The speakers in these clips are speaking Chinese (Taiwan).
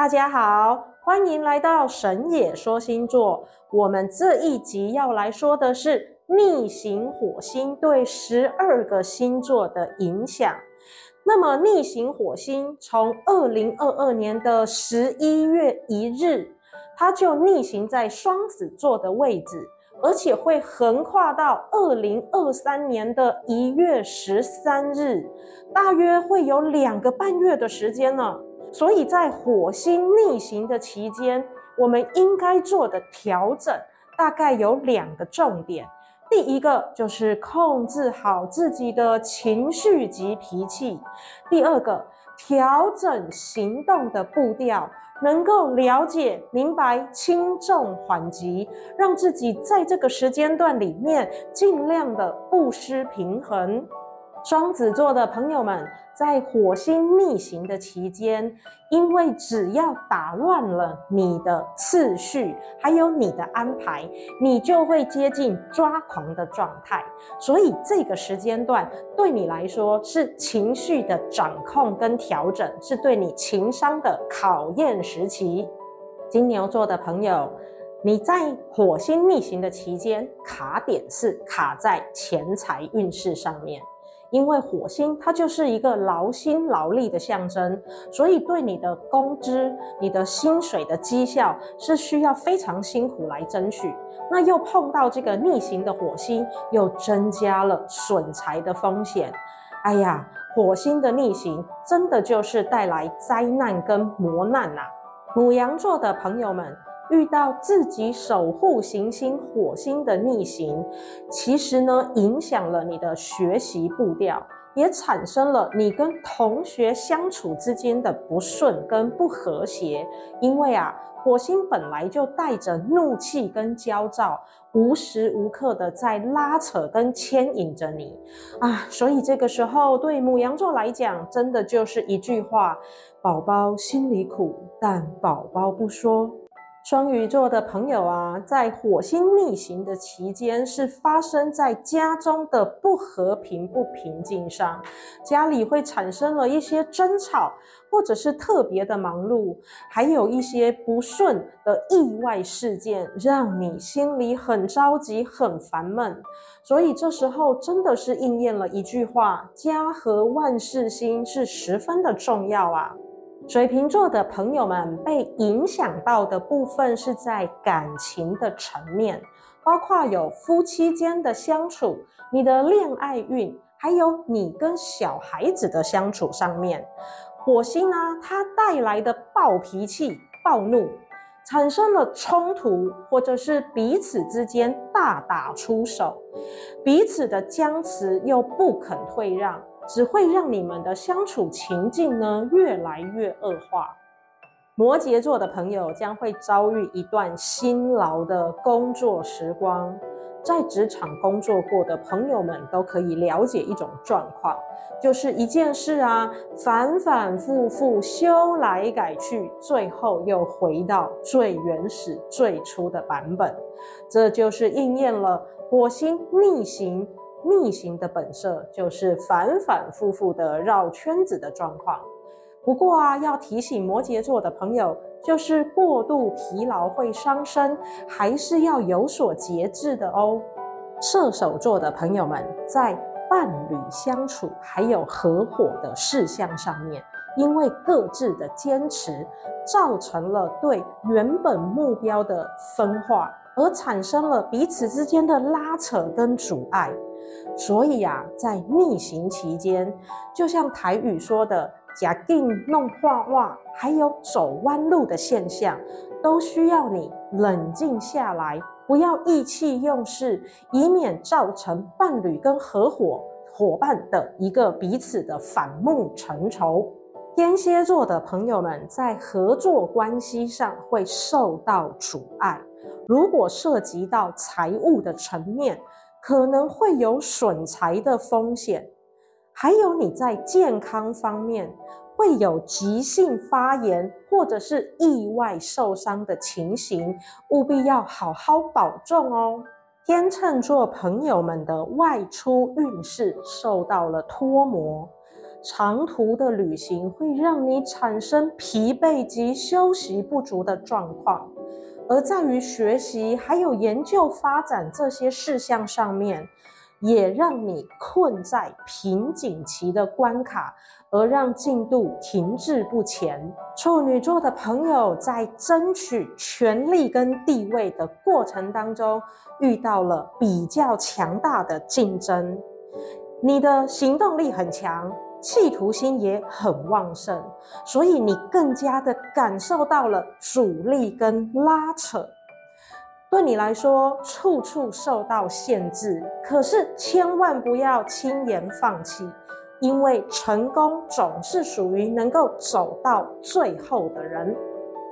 大家好，歡迎來到神野說星座。我們這一集要來說的是逆行火星對十二個星座的影響。那麼逆行火星從二零二二年的十一月一日，它就逆行在雙子座的位置，而且會橫跨到二零二三年的一月十三日，大約會有兩個半月的時間呢。所以在火星逆行的期間，我們應該做的調整大概有兩個重點。第一個就是控制好自己的情緒及脾氣；第二個，調整行動的步調，能夠了解、明白輕重緩急，讓自己在這個時間段裡面盡量的不失平衡。雙子座的朋友們，在火星逆行的期間，因為只要打亂了你的次序，還有你的安排，你就會接近抓狂的狀態。所以這個時間段對你來說是情緒的掌控跟調整，是對你情商的考驗時期。金牛座的朋友，你在火星逆行的期間，卡點是卡在錢財運勢上面。因為火星它就是一個勞心勞力的象徵，所以對你的工資、你的薪水的績效是需要非常辛苦來爭取。那又碰到這個逆行的火星，又增加了損財的風險。哎呀，火星的逆行真的就是帶來災難跟磨難吶、啊！牡羊座的朋友們。遇到自己守護行星火星的逆行，其實呢，影響了你的學習步調，也產生了你跟同學相處之間的不順跟不和諧。因為啊，火星本來就帶着怒氣跟焦躁，無時無刻的在拉扯跟牽引着你啊。所以這個時候，對牡羊座來講，真的就是一句話：寶寶心裡苦，但寶寶不說。雙魚座的朋友啊，在火星逆行的期間，是發生在家中的不和平、不平靜上，家裡會產生了一些爭吵，或者是特別的忙碌，還有一些不順的意外事件，讓你心裡很着急、很煩悶。所以這時候真的是應驗了一句話：“家和萬事興”是十分的重要啊。水瓶座的朋友們被影響到的部分是在感情的層面，包括有夫妻間的相處、你的戀愛運，還有你跟小孩子的相處上面。火星呢，它帶來的暴脾氣、暴怒，產生了衝突，或者是彼此之間大打出手，彼此的僵持又不肯退讓。只會讓你們的相處情境呢，越來越惡化。摩羯座的朋友將會遭遇一段辛勞的工作時光。在職場工作過的朋友們都可以了解一種狀況，就是一件事啊，反反復復修來改去，最後又回到最原始最初的版本。這就是應驗了火星逆行。逆行的本色就是反反復復的繞圈子的狀況。不過啊，要提醒摩羯座的朋友，就是過度疲勞會傷身，還是要有所節制的哦。射手座的朋友們，在伴侶相處還有合夥的事項上面，因為各自的堅持，造成了對原本目標的分化，而產生了彼此之間的拉扯跟阻礙。所以啊，在逆行期間，就像台語說的“假定弄話話”，還有走彎路的現象，都需要你冷靜下來，不要意氣用事，以免造成伴侶跟合夥夥伴的一個彼此的反目成仇。天蠍座的朋友們在合作關係上會受到阻礙，如果涉及到財務的層面，可能會有損財的風險，還有你在健康方面會有急性發炎或者是意外受傷的情形，務必要好好保重哦。天秤座朋友們的外出運勢受到了拖磨，長途的旅行會讓你產生疲憊及休息不足的狀況。而在於學習，還有研究、發展這些事項上面，也讓你困在瓶頸期的關卡，而讓進度停滯不前。處女座的朋友在爭取權力跟地位的過程當中，遇到了比較強大的競爭。你的行動力很強。企圖心也很旺盛，所以你更加的感受到了阻力跟拉扯。對你來說，處處受到限制，可是千萬不要輕言放棄，因為成功總是屬於能夠走到最後的人。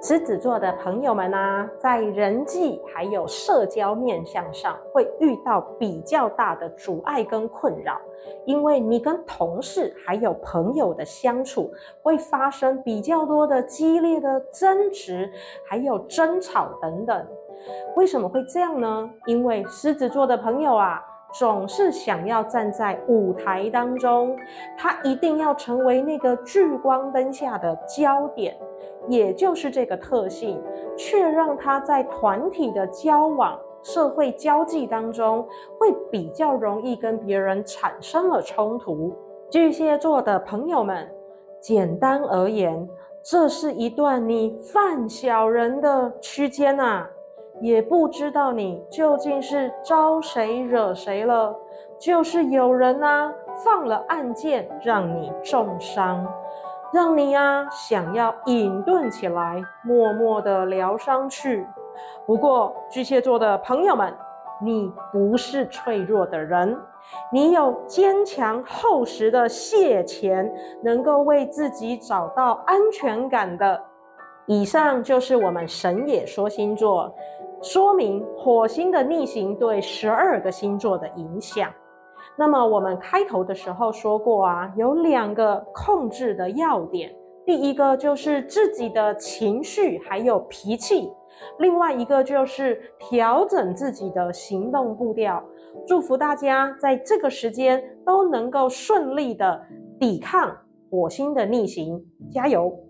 獅子座的朋友們啊，在人際還有社交面向上，會遇到比較大的阻礙跟困擾，因為你跟同事還有朋友的相處，會發生比較多的激烈的爭執，還有爭吵等等。為什麼會這樣呢？因為獅子座的朋友啊，總是想要站在舞台當中，他一定要成為那個聚光燈下的焦點。也就是這個特性，卻讓他在團體的交往、社會交際當中，會比較容易跟別人產生了衝突。巨蟹座的朋友們，簡單而言，這是一段你犯小人的區間吶、啊，也不知道你究竟是招誰惹誰了，就是有人啊放了暗箭，讓你重傷。讓你呀，啊，想要隱遁起來，默默地療傷去。不過巨蟹座的朋友們，你不是脆弱的人，你有堅強厚實的蟹鉗，能夠為自己找到安全感的。以上就是我們神野說星座，說明火星的逆行對十二個星座的影響。那麼我們開頭的時候說過啊，有兩個控制的要點，第一個就是自己的情緒還有脾氣，另外一個就是調整自己的行動步調。祝福大家在這個時間都能夠順利的抵抗火星的逆行，加油！